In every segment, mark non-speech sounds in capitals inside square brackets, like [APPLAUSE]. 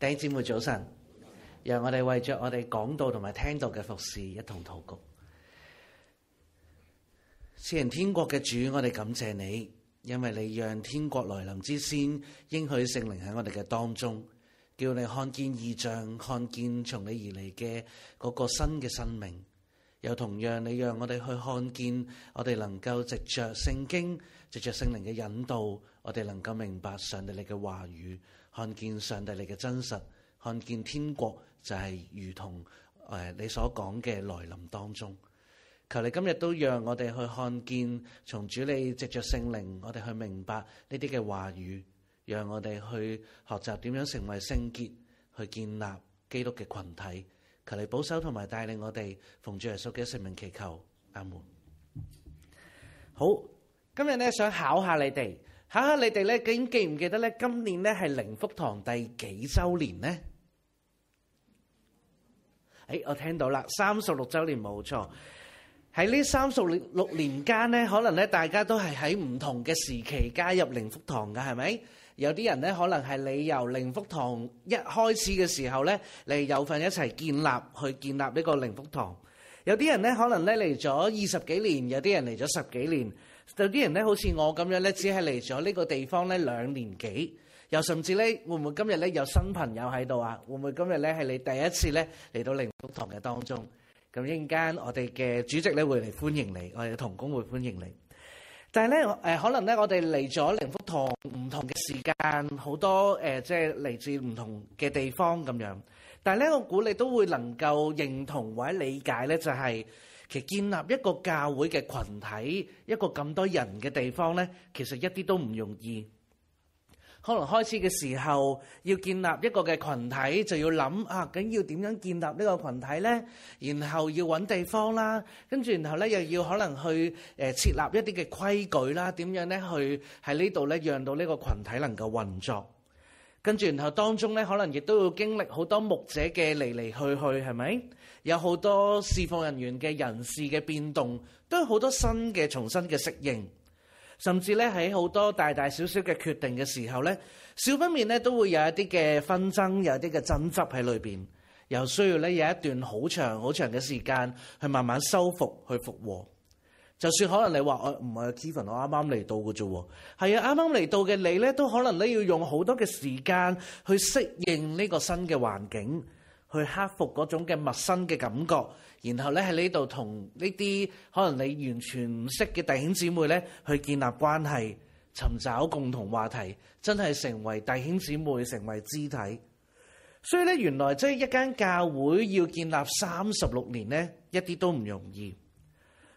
弟兄姊妹早晨，讓我哋為着我哋講道同埋聽到嘅服事一同禱告。然天國嘅主，我哋感謝你，因為你讓天國來臨之先，應許聖靈喺我哋嘅當中，叫你看見異象，看見從你而來嘅嗰個新嘅生命。又同樣，你讓我哋去看見，我哋能夠藉着聖經、藉着聖靈嘅引導，我哋能夠明白上帝你嘅話語，看見上帝你嘅真實，看見天國就係如同誒你所講嘅來臨當中。求你今日都讓我哋去看見，從主你藉着聖靈，我哋去明白呢啲嘅話語，讓我哋去學習點樣成為聖潔，去建立基督嘅群體。求你保守同埋帶領我哋，奉主耶穌嘅聖名祈求阿門。好，今日咧想考下你哋，考下你哋咧究竟記唔記得咧，今年咧係靈福堂第幾周年呢？誒、哎，我聽到啦，三十六周年冇錯。喺呢三十六六年間咧，可能咧大家都係喺唔同嘅時期加入靈福堂噶，係咪？有啲人咧，可能係你由靈福堂一開始嘅時候咧，你有份一齊建立，去建立呢個靈福堂。有啲人咧，可能咧嚟咗二十幾年；有啲人嚟咗十幾年；有啲人咧，好似我咁樣咧，只係嚟咗呢個地方咧兩年幾。又甚至咧，會唔會今日咧有新朋友喺度啊？會唔會今日咧係你第一次咧嚟到靈福堂嘅當中？咁一陣間我哋嘅主席咧會嚟歡迎你，我哋嘅同工會歡迎你。但係咧，誒可能咧，我哋嚟咗靈福堂唔同嘅時間，好多誒，即係嚟自唔同嘅地方咁樣。但係咧，我估你都會能夠認同或者理解咧，就係其實建立一個教會嘅群體，一個咁多人嘅地方咧，其實一啲都唔容易。可能開始嘅時候要建立一個嘅群體，就要諗啊，究竟要點樣建立呢個群體呢？然後要揾地方啦，跟住然後呢又要可能去誒設立一啲嘅規矩啦，點樣呢去喺呢度呢讓到呢個群體能夠運作。跟住然後當中呢可能亦都要經歷好多牧者嘅嚟嚟去去，係咪？有好多事奉人員嘅人事嘅變動，都有好多新嘅重新嘅適應。甚至咧喺好多大大小小嘅決定嘅時候咧，少不免咧都會有一啲嘅紛爭，有一啲嘅爭執喺裏面，又需要咧有一段好長好長嘅時間去慢慢修復去復和。就算可能你話我唔係 Kevin，我啱啱嚟到㗎啫喎。係啊，啱啱嚟到嘅你咧，都可能咧要用好多嘅時間去適應呢個新嘅環境。去克服嗰種嘅陌生嘅感覺，然後咧喺呢度同呢啲可能你完全唔識嘅弟兄姊妹咧，去建立關係，尋找共同話題，真係成為弟兄姊妹，成為肢體。所以咧，原來即係一間教會要建立三十六年呢，一啲都唔容易。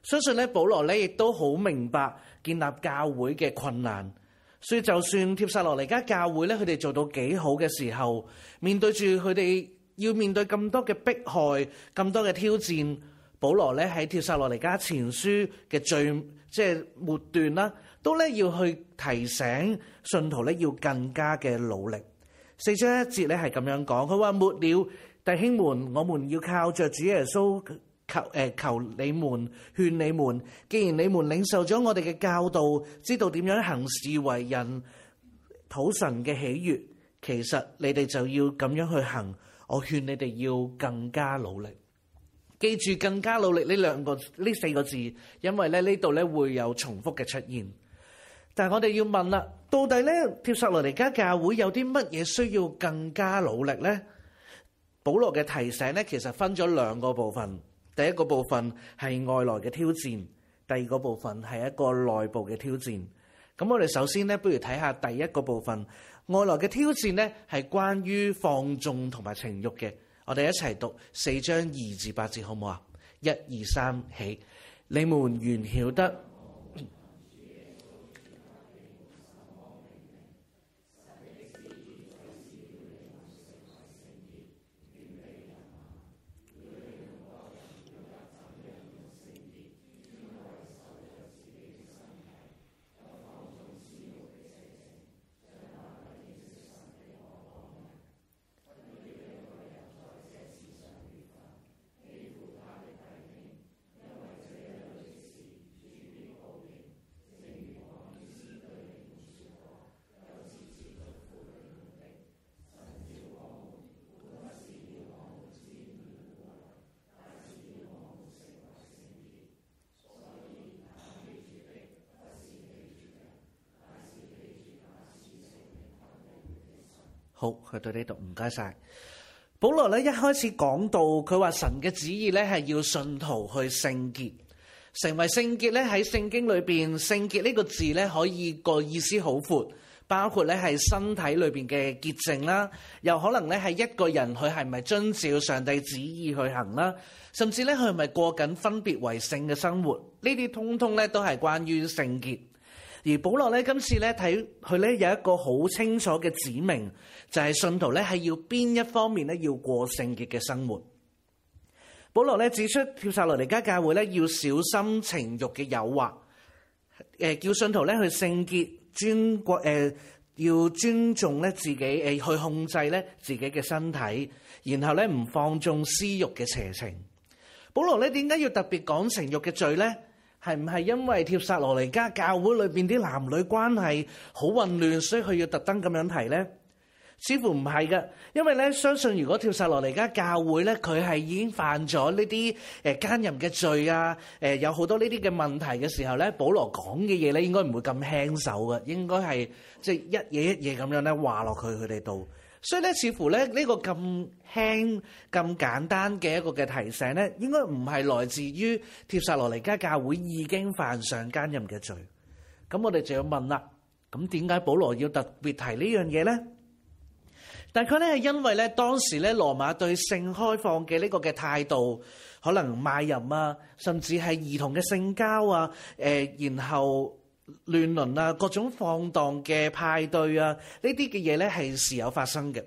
相信咧，保羅咧亦都好明白建立教會嘅困難，所以就算帖撒羅尼迦教會咧佢哋做到幾好嘅時候，面對住佢哋，要面對咁多嘅迫害，咁多嘅挑戰，保羅咧喺《帖撒羅尼迦前書》嘅最即係末段啦，都咧要去提醒信徒咧要更加嘅努力。四章一節咧係咁樣講，佢話末了弟兄們，我們要靠着主耶穌求誒求，求你們勸你們，既然你們領受咗我哋嘅教導，知道點樣行事為人討神嘅喜悅，其實你哋就要咁樣去行。我勸你哋要更加努力，記住更加努力呢兩個呢四個字，因為咧呢度呢會有重複嘅出現。但我哋要問啦，到底呢，帖撒羅尼迦教會有啲乜嘢需要更加努力呢？保羅嘅提醒呢，其實分咗兩個部分。第一個部分係外來嘅挑戰，第二個部分係一個內部嘅挑戰。咁我哋首先呢，不如睇下第一個部分。外來嘅挑戰呢係關於放縱同埋情慾嘅。我哋一齊讀四章二至八節，好唔好啊？一、二、三起，你們原曉得。好，去到呢度唔該晒。保羅咧一開始講到，佢話神嘅旨意咧係要信徒去聖潔，成為聖潔咧喺聖經裏邊，聖潔呢個字咧可以個意思好闊，包括咧係身體裏邊嘅潔淨啦，又可能咧係一個人佢係咪遵照上帝旨意去行啦，甚至咧佢係咪過緊分別為聖嘅生活，呢啲通通咧都係關於聖潔。而保羅咧，今次咧睇佢咧有一個好清楚嘅指明，就係信徒咧係要邊一方面咧要過聖潔嘅生活。保羅咧指出，帖撒羅尼迦教會咧要小心情慾嘅誘惑，叫信徒咧去聖潔、尊國、呃、要尊重咧自己誒去控制咧自己嘅身體，然後咧唔放縱私慾嘅邪情。保羅咧點解要特別講情慾嘅罪咧？係唔係因為帖撒羅尼迦教會裏邊啲男女關係好混亂，所以佢要特登咁樣提咧？似乎唔係嘅，因為咧，相信如果帖撒羅尼迦教會咧，佢係已經犯咗呢啲誒奸淫嘅罪啊！誒，有好多呢啲嘅問題嘅時候咧，保羅講嘅嘢咧，應該唔會咁輕手嘅，應該係即係一嘢一嘢咁樣咧話落去佢哋度。所以咧，似乎咧呢個咁輕咁簡單嘅一個嘅提醒咧，應該唔係來自於帖撒羅尼迦教會已經犯上奸淫嘅罪。咁我哋就要問啦，咁點解保羅要特別提呢樣嘢咧？大概咧係因為咧當時咧羅馬對性開放嘅呢個嘅態度，可能賣淫啊，甚至係兒童嘅性交啊，誒，然後。亂倫啊，各種放蕩嘅派對啊，呢啲嘅嘢呢係時有發生嘅。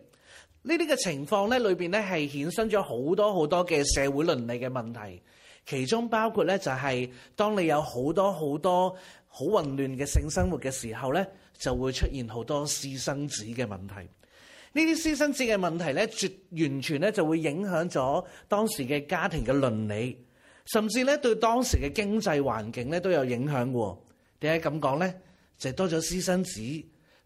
呢啲嘅情況呢裏邊呢係衍生咗好多好多嘅社會倫理嘅問題，其中包括呢就係當你有好多好多好混亂嘅性生活嘅時候呢，就會出現好多私生子嘅問題。呢啲私生子嘅問題呢，絕完全呢就會影響咗當時嘅家庭嘅倫理，甚至呢對當時嘅經濟環境呢都有影響嘅。點解咁講咧？就多咗私生子，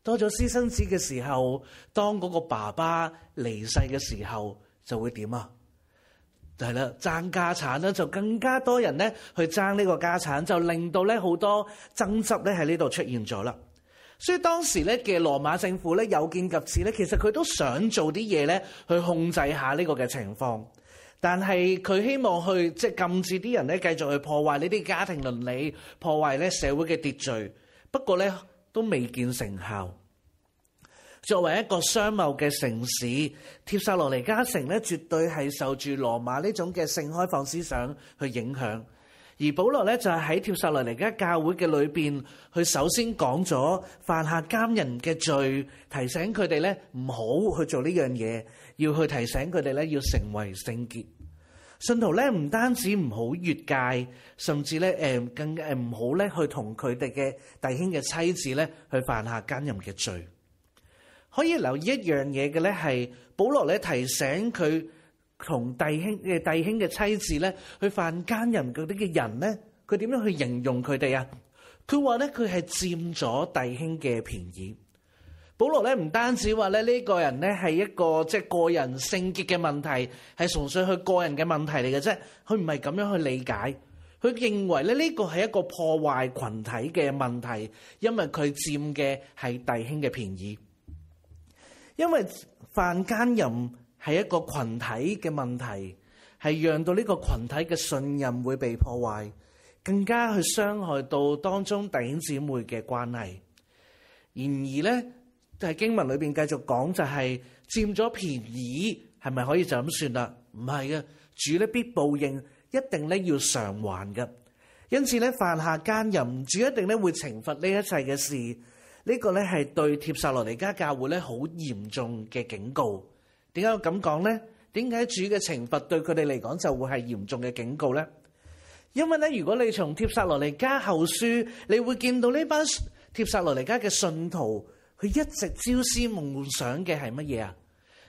多咗私生子嘅時候，當嗰個爸爸離世嘅時候就會點啊？就係啦，爭家產啦，就更加多人咧去爭呢個家產，就令到咧好多爭執咧喺呢度出現咗啦。所以當時咧嘅羅馬政府咧有見及此咧，其實佢都想做啲嘢咧去控制下呢個嘅情況。但係佢希望去即係、就是、禁止啲人咧繼續去破壞呢啲家庭倫理，破壞咧社會嘅秩序。不過咧都未見成效。作為一個商貿嘅城市，帖撒羅尼迦城咧絕對係受住羅馬呢種嘅性開放思想去影響。而保羅咧就係喺帖撒羅尼迦教會嘅裏邊，去首先講咗犯下奸淫嘅罪，提醒佢哋咧唔好去做呢樣嘢，要去提醒佢哋咧要成為聖潔。信徒咧唔單止唔好越界，甚至咧誒，更誒唔好咧去同佢哋嘅弟兄嘅妻子咧去犯下奸淫嘅罪。可以留意一樣嘢嘅咧係保羅咧提醒佢。同弟兄嘅弟兄嘅妻子咧，去犯奸淫嗰啲嘅人咧，佢點樣去形容佢哋啊？佢話咧佢係佔咗弟兄嘅便宜。保羅咧唔單止話咧呢個人咧係一個即係、就是、個人聖潔嘅問題，係純粹佢個人嘅問題嚟嘅啫。佢唔係咁樣去理解，佢認為咧呢個係一個破壞群體嘅問題，因為佢佔嘅係弟兄嘅便宜，因為犯奸淫，係一個群體嘅問題，係讓到呢個群體嘅信任會被破壞，更加去傷害到當中弟兄姊妹嘅關係。然而咧，就係經文裏邊繼續講就係佔咗便宜，係咪可以就咁算啦？唔係嘅，主咧必報應，一定咧要償還嘅。因此咧，犯下奸淫，主一定咧會懲罰呢一切嘅事。呢、這個咧係對帖撒羅尼迦教會咧好嚴重嘅警告。點解咁講呢？點解主嘅懲罰對佢哋嚟講就會係嚴重嘅警告呢？因為咧，如果你從帖撒羅尼加後書，你會見到呢班帖撒羅尼加嘅信徒，佢一直朝思暮想嘅係乜嘢啊？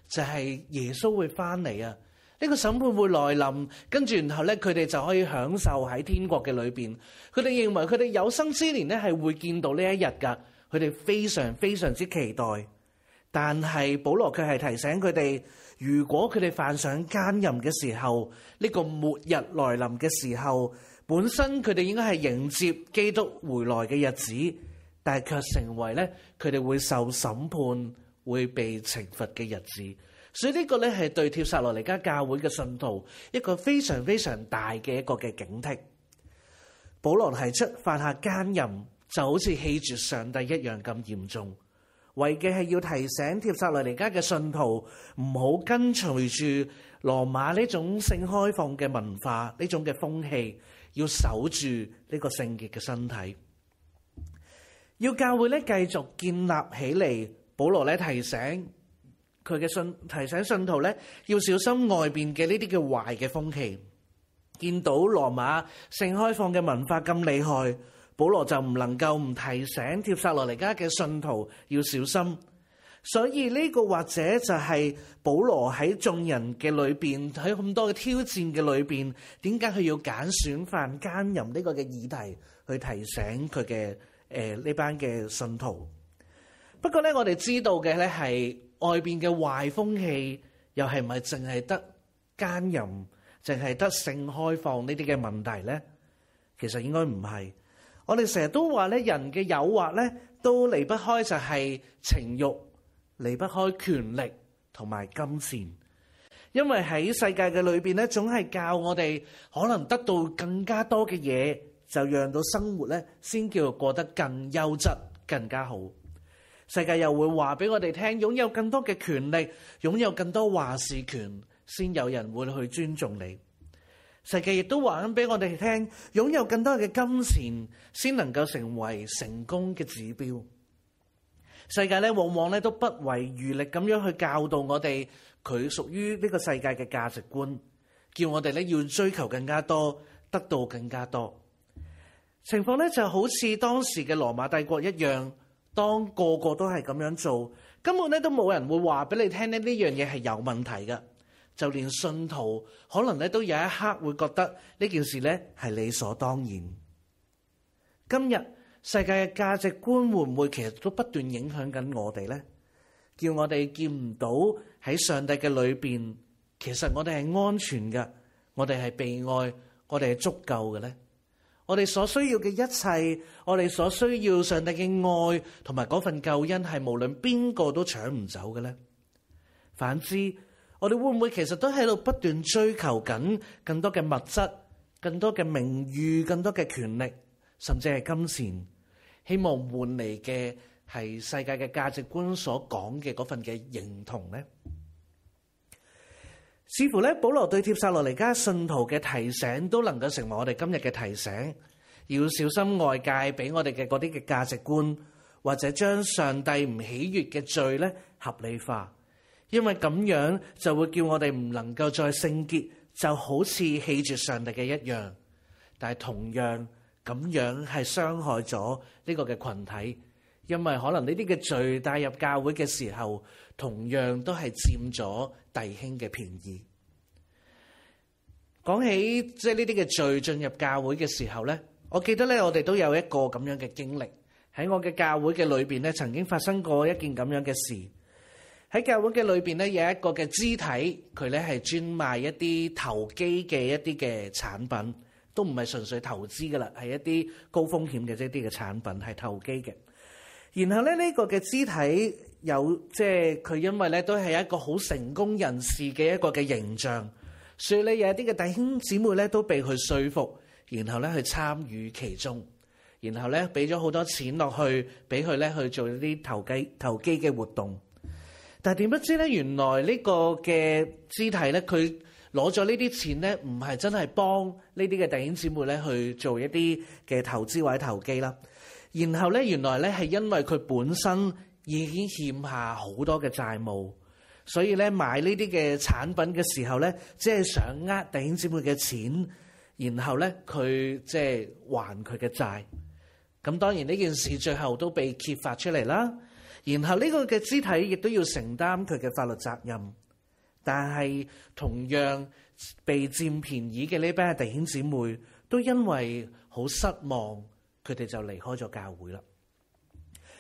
就係耶穌會翻嚟啊！呢個審判會來臨，跟住然後咧，佢哋就可以享受喺天國嘅裏邊。佢哋認為佢哋有生之年咧係會見到呢一日噶，佢哋非常非常之期待。但係保羅佢係提醒佢哋，如果佢哋犯上奸淫嘅時候，呢個末日來臨嘅時候，本身佢哋應該係迎接基督回來嘅日子，但係卻成為咧佢哋會受審判、會被懲罰嘅日子。所以呢個咧係對帖撒羅尼迦教會嘅信徒一個非常非常大嘅一個嘅警惕。保羅提出犯下奸淫，就好似棄絕上帝一樣咁嚴重。為嘅係要提醒帖撒羅尼加嘅信徒，唔好跟隨住羅馬呢種性開放嘅文化、呢種嘅風氣，要守住呢個聖潔嘅身體。要教會咧繼續建立起嚟，保羅咧提醒佢嘅信，提醒信徒咧要小心外邊嘅呢啲嘅壞嘅風氣。見到羅馬性開放嘅文化咁厲害。保羅就唔能夠唔提醒帖撒羅尼加嘅信徒要小心，所以呢個或者就係保羅喺眾人嘅裏邊，喺咁多嘅挑戰嘅裏邊，點解佢要揀選犯奸淫呢個嘅議題去提醒佢嘅誒呢班嘅信徒？不過呢，我哋知道嘅咧係外邊嘅壞風氣，又係唔係淨係得奸淫，淨係得性開放呢啲嘅問題呢？其實應該唔係。我哋成日都話咧，人嘅誘惑咧，都離不開就係情欲，離不開權力同埋金錢。因為喺世界嘅裏邊咧，總係教我哋可能得到更加多嘅嘢，就讓到生活咧先叫過得更優質、更加好。世界又會話俾我哋聽，擁有更多嘅權力，擁有更多話事權，先有人會去尊重你。世界亦都話緊俾我哋聽，擁有更多嘅金錢，先能夠成為成功嘅指標。世界咧，往往咧都不遺餘力咁樣去教導我哋，佢屬於呢個世界嘅價值觀，叫我哋咧要追求更加多，得到更加多。情況咧就好似當時嘅羅馬帝國一樣，當個個都係咁樣做，根本咧都冇人會話俾你聽咧呢樣嘢係有問題嘅。就連信徒可能咧都有一刻會覺得呢件事咧係理所當然。今日世界嘅價值觀會唔會其實都不斷影響緊我哋呢？叫我哋見唔到喺上帝嘅裏邊，其實我哋係安全嘅，我哋係被愛，我哋係足夠嘅呢。我哋所需要嘅一切，我哋所需要上帝嘅愛同埋嗰份救恩，係無論邊個都搶唔走嘅呢。反之，我哋會唔會其實都喺度不斷追求緊更多嘅物質、更多嘅名譽、更多嘅權力，甚至係金錢，希望換嚟嘅係世界嘅價值觀所講嘅嗰份嘅認同呢？似乎咧，保羅對帖撒羅尼迦信徒嘅提醒都能夠成為我哋今日嘅提醒，要小心外界俾我哋嘅嗰啲嘅價值觀，或者將上帝唔喜悅嘅罪咧合理化。因為咁樣就會叫我哋唔能夠再聖潔，就好似棄絕上帝嘅一樣。但係同樣咁樣係傷害咗呢個嘅群體，因為可能呢啲嘅罪帶入教會嘅時候，同樣都係佔咗弟兄嘅便宜。講起即係呢啲嘅罪進入教會嘅時候呢，我記得呢，我哋都有一個咁樣嘅經歷，喺我嘅教會嘅裏邊曾經發生過一件咁樣嘅事。喺教會嘅裏邊咧，有一個嘅肢體，佢咧係專賣一啲投機嘅一啲嘅產品，都唔係純粹投資噶啦，係一啲高風險嘅一啲嘅產品，係投機嘅。然後咧呢個嘅肢體有即係佢因為咧都係一個好成功人士嘅一個嘅形象，所以有一啲嘅弟兄姊妹咧都被佢說服，然後咧去參與其中，然後咧俾咗好多錢落去，俾佢咧去做啲投機投機嘅活動。但係點不知咧？原來呢個嘅肢體咧，佢攞咗呢啲錢咧，唔係真係幫呢啲嘅弟兄姊妹咧去做一啲嘅投資或者投機啦。然後咧，原來咧係因為佢本身已經欠下好多嘅債務，所以咧買呢啲嘅產品嘅時候咧，即係想呃弟兄姊妹嘅錢，然後咧佢即係還佢嘅債。咁當然呢件事最後都被揭發出嚟啦。然後呢個嘅肢體亦都要承擔佢嘅法律責任，但係同樣被佔便宜嘅呢班弟兄姊妹都因為好失望，佢哋就離開咗教會啦。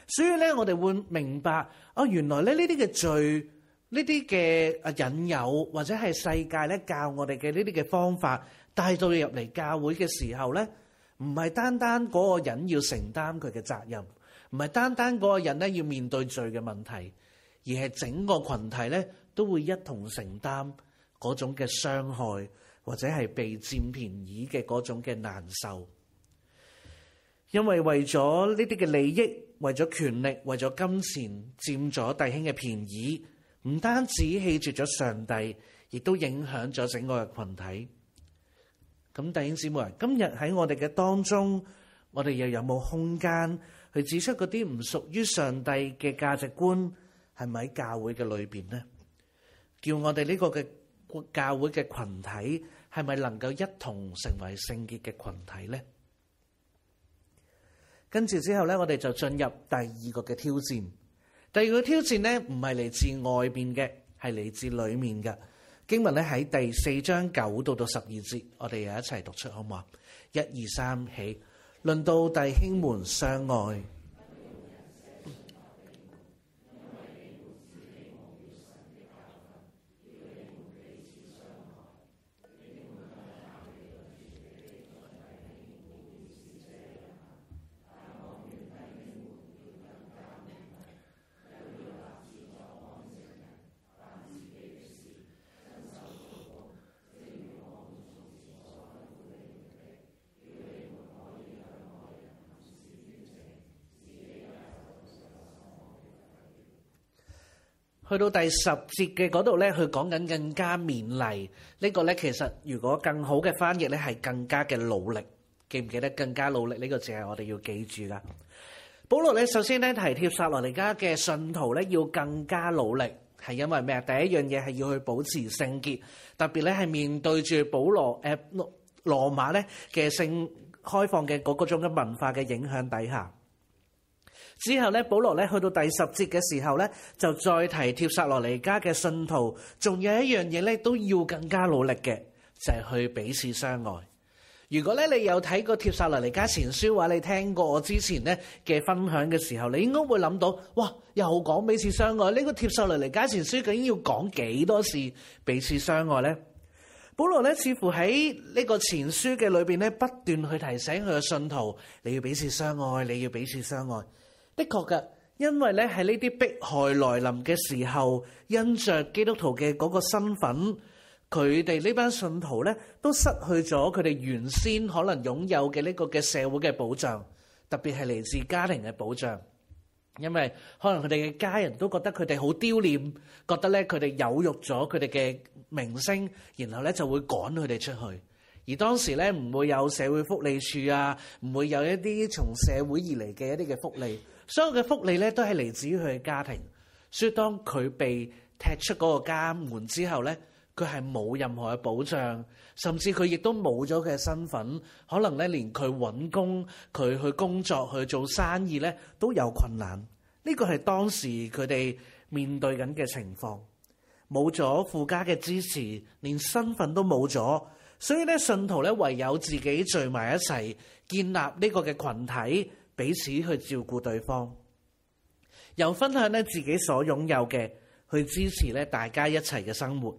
所以咧，我哋會明白啊，原來咧呢啲嘅罪，呢啲嘅啊引誘或者係世界咧教我哋嘅呢啲嘅方法帶到你入嚟教會嘅時候咧，唔係單單嗰個人要承擔佢嘅責任。唔係單單嗰個人咧要面對罪嘅問題，而係整個群體咧都會一同承擔嗰種嘅傷害，或者係被佔便宜嘅嗰種嘅難受。因為為咗呢啲嘅利益，為咗權力，為咗金錢，佔咗弟兄嘅便宜，唔單止棄絕咗上帝，亦都影響咗整個嘅群體。咁弟兄姊妹，今日喺我哋嘅當中，我哋又有冇空間？佢指出嗰啲唔屬於上帝嘅價值觀係咪喺教會嘅裏邊呢？叫我哋呢個嘅教會嘅群體係咪能夠一同成為聖潔嘅群體呢？跟住之後咧，我哋就進入第二個嘅挑戰。第二個挑戰呢，唔係嚟自外邊嘅，係嚟自裡面嘅經文咧，喺第四章九到到十二節，我哋又一齊讀出好唔好啊？一二三起。論到弟兄們相愛。去到第十節嘅嗰度咧，佢講緊更加勉勵。呢、這個咧，其實如果更好嘅翻譯咧，係更加嘅努力。記唔記得更加努力呢、這個字係我哋要記住噶。保羅咧，首先咧提帖撒羅尼迦嘅信徒咧，要更加努力，係因為咩？第一樣嘢係要去保持聖潔，特別咧係面對住保羅誒、呃、羅、羅馬咧嘅性開放嘅嗰嗰種嘅文化嘅影響底下。之後咧，保羅咧去到第十節嘅時候咧，就再提帖撒羅尼迦嘅信徒，仲有一樣嘢咧都要更加努力嘅，就係去彼此相愛。如果咧你有睇過帖撒羅尼迦前書嘅話，你聽過我之前呢嘅分享嘅時候，你應該會諗到，哇，又講彼此相愛，呢個帖撒羅尼迦前書，究竟要講幾多次彼此相愛呢？保羅咧似乎喺呢個前書嘅裏邊咧，不斷去提醒佢嘅信徒，你要彼此相愛，你要彼此相愛。的確噶，因為咧喺呢啲迫害來臨嘅時候，因着基督徒嘅嗰個身份，佢哋呢班信徒咧都失去咗佢哋原先可能擁有嘅呢個嘅社會嘅保障，特別係嚟自家庭嘅保障。因為可能佢哋嘅家人都覺得佢哋好丟臉，覺得咧佢哋有辱咗佢哋嘅名聲，然後咧就會趕佢哋出去。而當時咧唔會有社會福利處啊，唔會有一啲從社會而嚟嘅一啲嘅福利。所有嘅福利咧，都係嚟自於佢嘅家庭。所以當佢被踢出嗰個家門之後呢，佢係冇任何嘅保障，甚至佢亦都冇咗嘅身份。可能咧，連佢揾工、佢去工作、佢去做生意呢都有困難。呢個係當時佢哋面對緊嘅情況，冇咗附加嘅支持，連身份都冇咗。所以呢，信徒呢，唯有自己聚埋一齊，建立呢個嘅群體。彼此去照顧對方，又分享自己所擁有嘅，去支持咧大家一齊嘅生活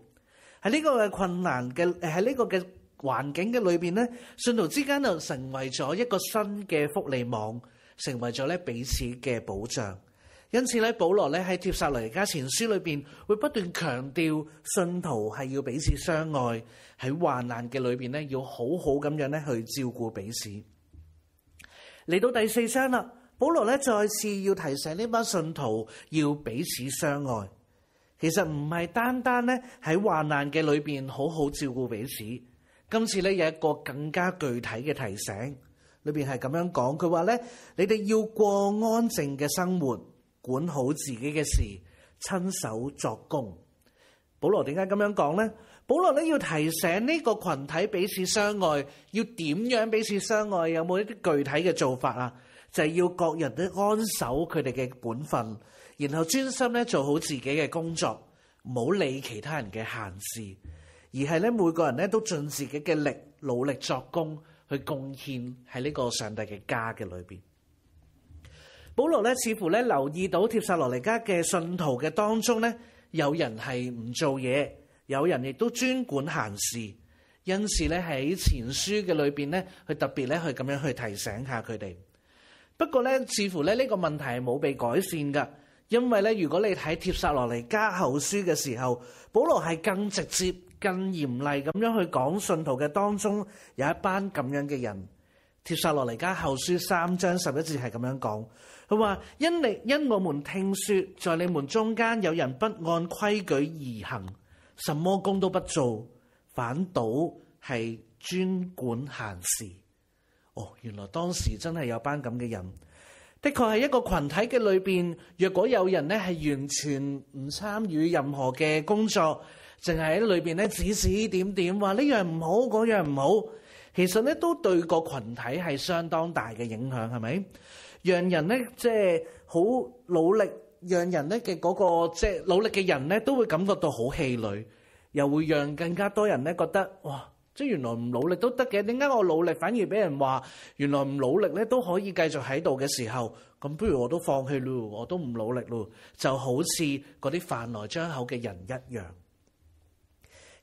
喺呢個嘅困難嘅喺呢個嘅環境嘅裏邊咧，信徒之間就成為咗一個新嘅福利網，成為咗咧彼此嘅保障。因此咧，保羅咧喺帖撒羅尼迦前書裏邊會不斷強調，信徒係要彼此相愛，喺患難嘅裏邊咧，要好好咁樣咧去照顧彼此。嚟到第四章啦，保羅咧再次要提醒呢班信徒要彼此相愛。其實唔係單單咧喺患難嘅裏邊好好照顧彼此。今次咧有一個更加具體嘅提醒，裏邊係咁樣講，佢話咧你哋要過安靜嘅生活，管好自己嘅事，親手作工。保羅點解咁樣講呢？保羅咧要提醒呢個群體彼此相愛，要點樣彼此相愛？有冇一啲具體嘅做法啊？就係要各人都安守佢哋嘅本分，然後專心咧做好自己嘅工作，唔好理其他人嘅閒事，而係咧每個人咧都盡自己嘅力，努力作工去貢獻喺呢個上帝嘅家嘅裏邊。保羅咧似乎咧留意到帖撒羅尼迦嘅信徒嘅當中，有人係唔做嘢。有人亦都專管閒事，因此咧喺前書嘅裏邊咧，佢特別咧去咁樣去提醒下佢哋。不過咧，似乎咧呢個問題係冇被改善噶，因為咧，如果你睇帖撒羅尼加後書嘅時候，保羅係更直接、更嚴厲咁樣去講，信徒嘅當中有一班咁樣嘅人。帖撒羅尼加後書三章十一節係咁樣講，佢話因你因我們聽說，在你們中間有人不按規矩而行。什麼工都不做，反倒係專管閒事。哦，原來當時真係有班咁嘅人。的確係一個群體嘅裏邊，若果有人咧係完全唔參與任何嘅工作，淨係喺裏邊咧指指點點，話呢樣唔好，嗰樣唔好，其實呢都對個群體係相當大嘅影響，係咪？讓人呢，即係好努力。讓人咧嘅嗰個即係努力嘅人咧，都會感覺到好氣餒，又會讓更加多人咧覺得哇！即係原來唔努力都得嘅，點解我努力反而俾人話原來唔努力咧都可以繼續喺度嘅時候，咁不如我都放棄咯，我都唔努力咯，就好似嗰啲飯來張口嘅人一樣。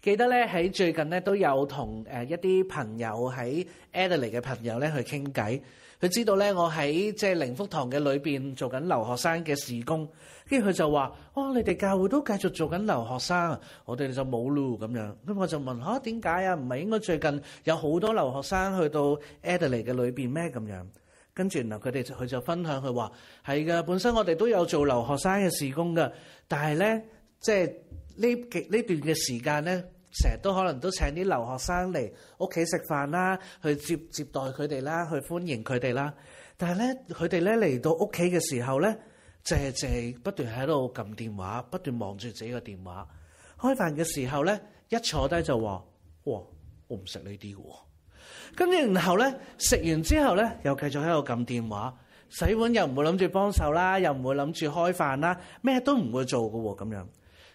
記得咧喺最近咧都有同誒一啲朋友喺 Elderly 嘅朋友咧去傾偈。佢知道咧，我喺即係靈福堂嘅裏面做緊留學生嘅事工，跟住佢就話：哦，你哋教會都繼續做緊留學生，我哋就冇路。」咁樣。咁我就問：嚇，點解啊？唔係應該最近有好多留學生去到 Adelaide 嘅裏面咩？咁樣跟住，嗱，佢哋佢就分享佢話：係㗎，本身我哋都有做留學生嘅事工噶，但係咧，即係呢呢段嘅時間咧。成日都可能都請啲留學生嚟屋企食飯啦，去接接待佢哋啦，去歡迎佢哋啦。但係咧，佢哋咧嚟到屋企嘅時候咧，就係就係不斷喺度撳電話，不斷望住自己嘅電話。開飯嘅時候咧，一坐低就話：哇，我唔食呢啲喎。咁然後咧，食完之後咧，又繼續喺度撳電話，洗碗又唔會諗住幫手啦，又唔會諗住開飯啦，咩都唔會做嘅喎，咁樣。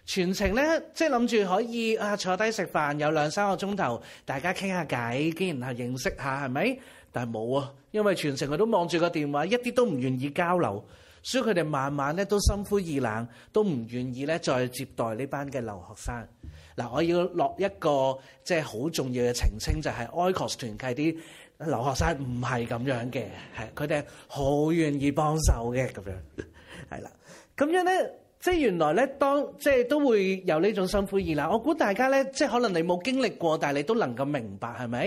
全程咧，即係諗住可以啊，坐低食飯有兩三個鐘頭，大家傾下偈，竟然係認識一下，係咪？但係冇啊，因為全程佢都望住個電話，一啲都唔願意交流，所以佢哋慢慢咧都心灰意冷，都唔願意咧再接待呢班嘅留學生。嗱，我要落一個即係好重要嘅澄清，就係、是、Icos 團契啲留學生唔係咁樣嘅，係佢哋好願意幫手嘅咁樣，係 [LAUGHS] 啦，咁樣咧。即係原來咧，當即係都會有呢種心灰意冷。我估大家咧，即係可能你冇經歷過，但係你都能夠明白，係咪？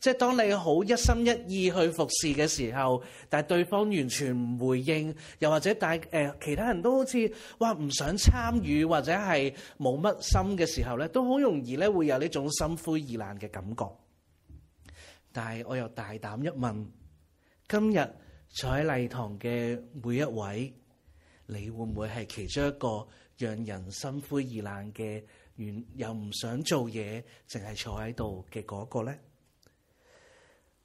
即係當你好一心一意去服侍嘅時候，但係對方完全唔回應，又或者帶誒、呃、其他人都好似哇唔想參與，或者係冇乜心嘅時候咧，都好容易咧會有呢種心灰意冷嘅感覺。但係我又大膽一問，今日坐喺禮堂嘅每一位。你會唔會係其中一個讓人心灰意冷嘅，又唔想做嘢，淨係坐喺度嘅嗰個咧？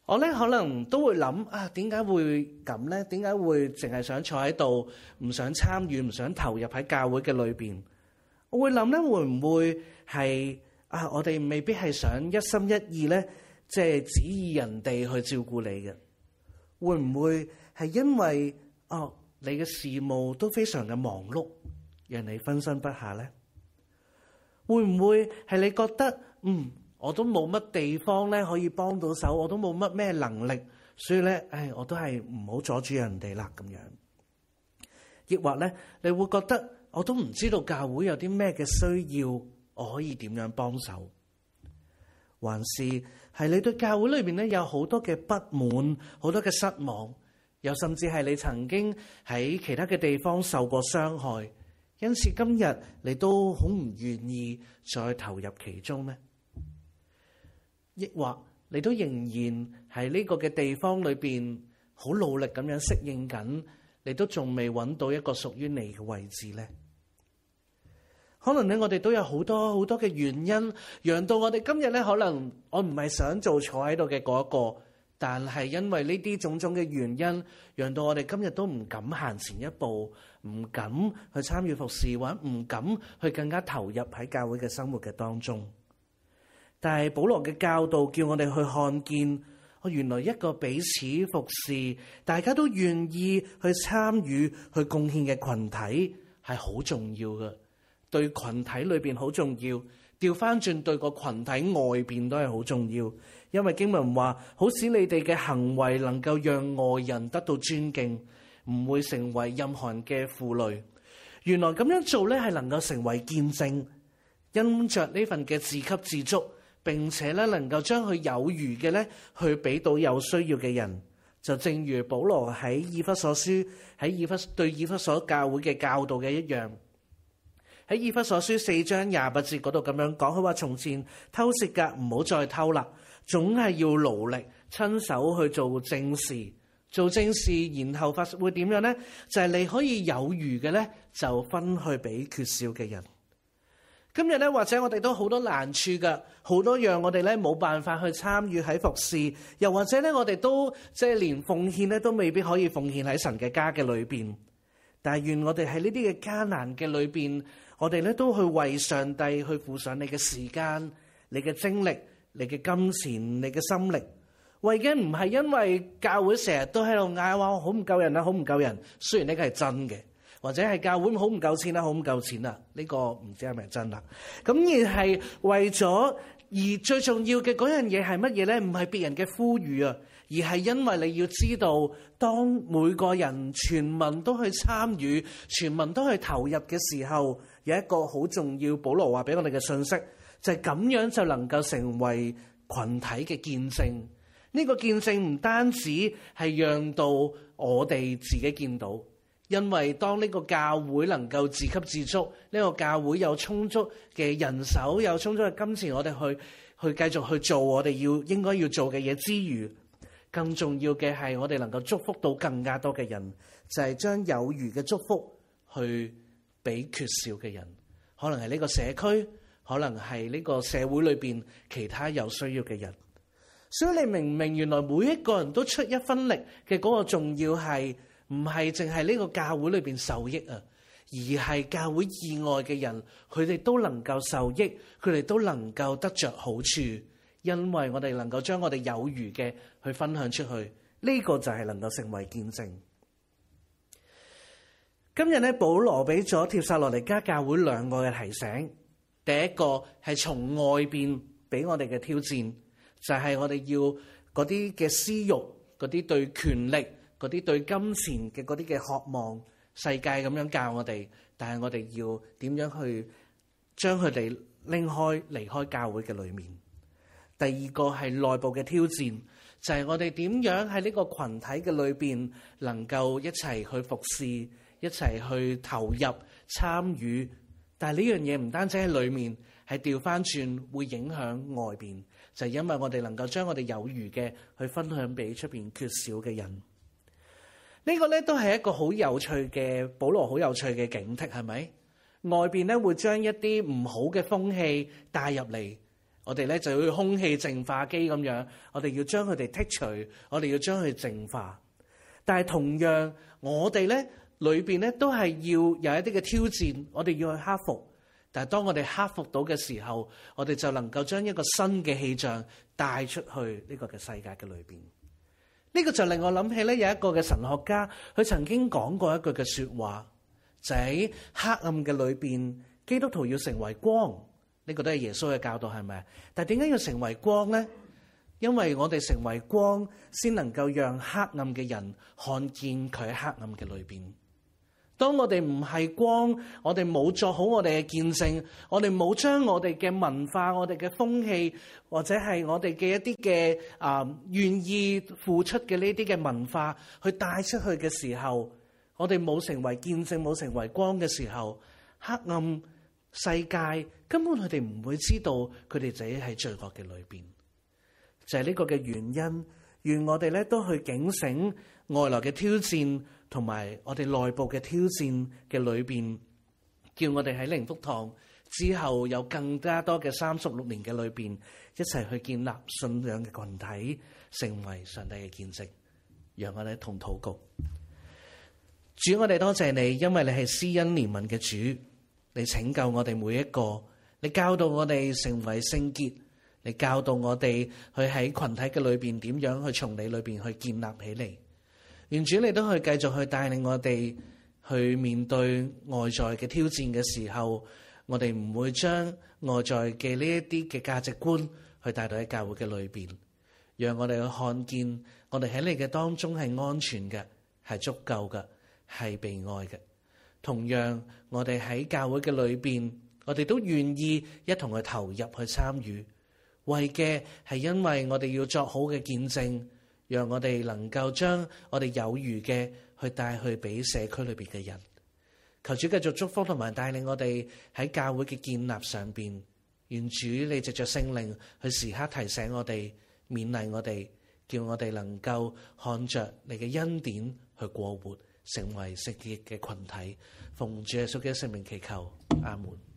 我咧可能都會諗啊，點解會咁呢？點解會淨係想坐喺度，唔想參與，唔想投入喺教會嘅裏邊？我會諗咧，會唔會係啊？我哋未必係想一心一意咧，即係指意人哋去照顧你嘅，會唔會係因為哦？啊你嘅事務都非常嘅忙碌，讓你分身不下咧，會唔會係你覺得嗯，我都冇乜地方咧可以幫到手，我都冇乜咩能力，所以咧，唉，我都係唔好阻住人哋啦，咁樣，亦或咧你會覺得我都唔知道教會有啲咩嘅需要，我可以點樣幫手，還是係你對教會裏邊咧有好多嘅不滿，好多嘅失望。又甚至係你曾經喺其他嘅地方受過傷害，因此今日你都好唔願意再投入其中咧，抑或你都仍然喺呢個嘅地方裏邊好努力咁樣適應緊，你都仲未揾到一個屬於你嘅位置呢？可能咧，我哋都有好多好多嘅原因，讓到我哋今日咧，可能我唔係想做坐喺度嘅嗰一個。但係因為呢啲種種嘅原因，讓到我哋今日都唔敢行前一步，唔敢去參與服侍，或者唔敢去更加投入喺教會嘅生活嘅當中。但係保羅嘅教導叫我哋去看見，原來一個彼此服侍，大家都願意去參與、去貢獻嘅群體係好重要嘅。對群體裏邊好重要，調翻轉，對個群體外邊都係好重要。因為經文話，好使你哋嘅行為能夠讓外人得到尊敬，唔會成為任何人嘅負累。原來咁樣做呢係能夠成為見證，因着呢份嘅自給自足，並且呢能夠將佢有餘嘅呢去俾到有需要嘅人，就正如保羅喺以弗所書喺以弗對以弗所教會嘅教導嘅一樣。喺以弗所書四章廿八節嗰度咁樣講，佢話從前偷食噶，唔好再偷啦，總係要勞力親手去做正事，做正事然後發會點樣呢就係、是、你可以有餘嘅，呢，就分去俾缺少嘅人。今日呢，或者我哋都好多難處噶，好多樣我哋呢冇辦法去參與喺服侍，又或者呢，我哋都即係連奉獻呢，都未必可以奉獻喺神嘅家嘅裏邊。但願我哋喺呢啲嘅艱難嘅裏邊，我哋咧都去為上帝去付上你嘅時間、你嘅精力、你嘅金錢、你嘅心力。為嘅唔係因為教會成日都喺度嗌話，好唔夠人啊，好唔夠人。雖然呢個係真嘅，或者係教會好唔夠錢啦，好唔夠錢啦。呢個唔知係咪真啦。咁而係為咗，而最重要嘅嗰樣嘢係乜嘢咧？唔係別人嘅呼籲啊！而係因為你要知道，當每個人全民都去參與，全民都去投入嘅時候，有一個好重要。保羅話俾我哋嘅信息就係、是、咁樣就能夠成為群體嘅見證。呢、這個見證唔單止係讓到我哋自己見到，因為當呢個教會能夠自給自足，呢、這個教會有充足嘅人手，有充足嘅金錢我們，我哋去去繼續去做我哋要應該要做嘅嘢之餘。更重要嘅係，我哋能夠祝福到更加多嘅人，就係將有餘嘅祝福去俾缺少嘅人。可能係呢個社區，可能係呢個社會裏邊其他有需要嘅人。所以你明唔明？原來每一個人都出一分力嘅嗰個重要係唔係淨係呢個教會裏邊受益啊，而係教會以外嘅人，佢哋都能夠受益，佢哋都能夠得着好處，因為我哋能夠將我哋有餘嘅。去分享出去呢，這個就係能夠成為見證。今日咧，保羅俾咗帖撒羅尼迦教會兩個嘅提醒。第一個係從外邊俾我哋嘅挑戰，就係、是、我哋要嗰啲嘅私慾、嗰啲對權力、嗰啲對金錢嘅嗰啲嘅渴望，世界咁樣教我哋，但係我哋要點樣去將佢哋拎開離開教會嘅裏面。第二個係內部嘅挑戰。就係、是、我哋點樣喺呢個群體嘅裏邊，能夠一齊去服侍，一齊去投入參與。但係呢樣嘢唔單止喺裏面，係調翻轉會影響外邊。就係、是、因為我哋能夠將我哋有餘嘅去分享俾出邊缺少嘅人。呢、這個呢都係一個好有趣嘅保羅好有趣嘅警惕，係咪？外邊呢會將一啲唔好嘅風氣帶入嚟。我哋咧就好似空氣淨化機咁樣，我哋要將佢哋剔除，我哋要將佢淨化。但係同樣，我哋咧裏邊咧都係要有一啲嘅挑戰，我哋要去克服。但係當我哋克服到嘅時候，我哋就能夠將一個新嘅氣象帶出去呢個嘅世界嘅裏邊。呢、這個就令我諗起咧有一個嘅神學家，佢曾經講過一句嘅説話，就喺、是、黑暗嘅裏邊，基督徒要成為光。呢個都係耶穌嘅教導，係咪？但係點解要成為光呢？因為我哋成為光，先能夠讓黑暗嘅人看見佢喺黑暗嘅裏邊。當我哋唔係光，我哋冇做好我哋嘅見證，我哋冇將我哋嘅文化、我哋嘅風氣，或者係我哋嘅一啲嘅啊願意付出嘅呢啲嘅文化去帶出去嘅時候，我哋冇成為見證，冇成為光嘅時候，黑暗，世界根本佢哋唔會知道佢哋自己喺罪惡嘅裏邊，就係、是、呢個嘅原因。願我哋咧都去警醒外來嘅挑戰，同埋我哋內部嘅挑戰嘅裏邊，叫我哋喺靈福堂之後有更加多嘅三十六年嘅裏邊，一齊去建立信仰嘅群體，成為上帝嘅見證。讓我哋同禱告，主，我哋多謝你，因為你係施恩憐憫嘅主。你拯救我哋每一個，你教導我哋成為聖潔，你教導我哋去喺群體嘅裏邊點樣去從你裏邊去建立起嚟。願主你都去繼續去帶領我哋去面對外在嘅挑戰嘅時候，我哋唔會將外在嘅呢一啲嘅價值觀去帶到喺教會嘅裏邊，讓我哋去看見我哋喺你嘅當中係安全嘅，係足夠嘅，係被愛嘅。同樣，我哋喺教會嘅裏邊，我哋都願意一同去投入去參與，為嘅係因為我哋要作好嘅見證，讓我哋能夠將我哋有餘嘅去帶去俾社區裏邊嘅人。求主繼續祝福同埋帶領我哋喺教會嘅建立上邊，願主你借着聖靈去時刻提醒我哋，勉勵我哋，叫我哋能夠看著你嘅恩典去過活。成為聖潔嘅群體，奉主耶穌嘅聖名祈求，阿門。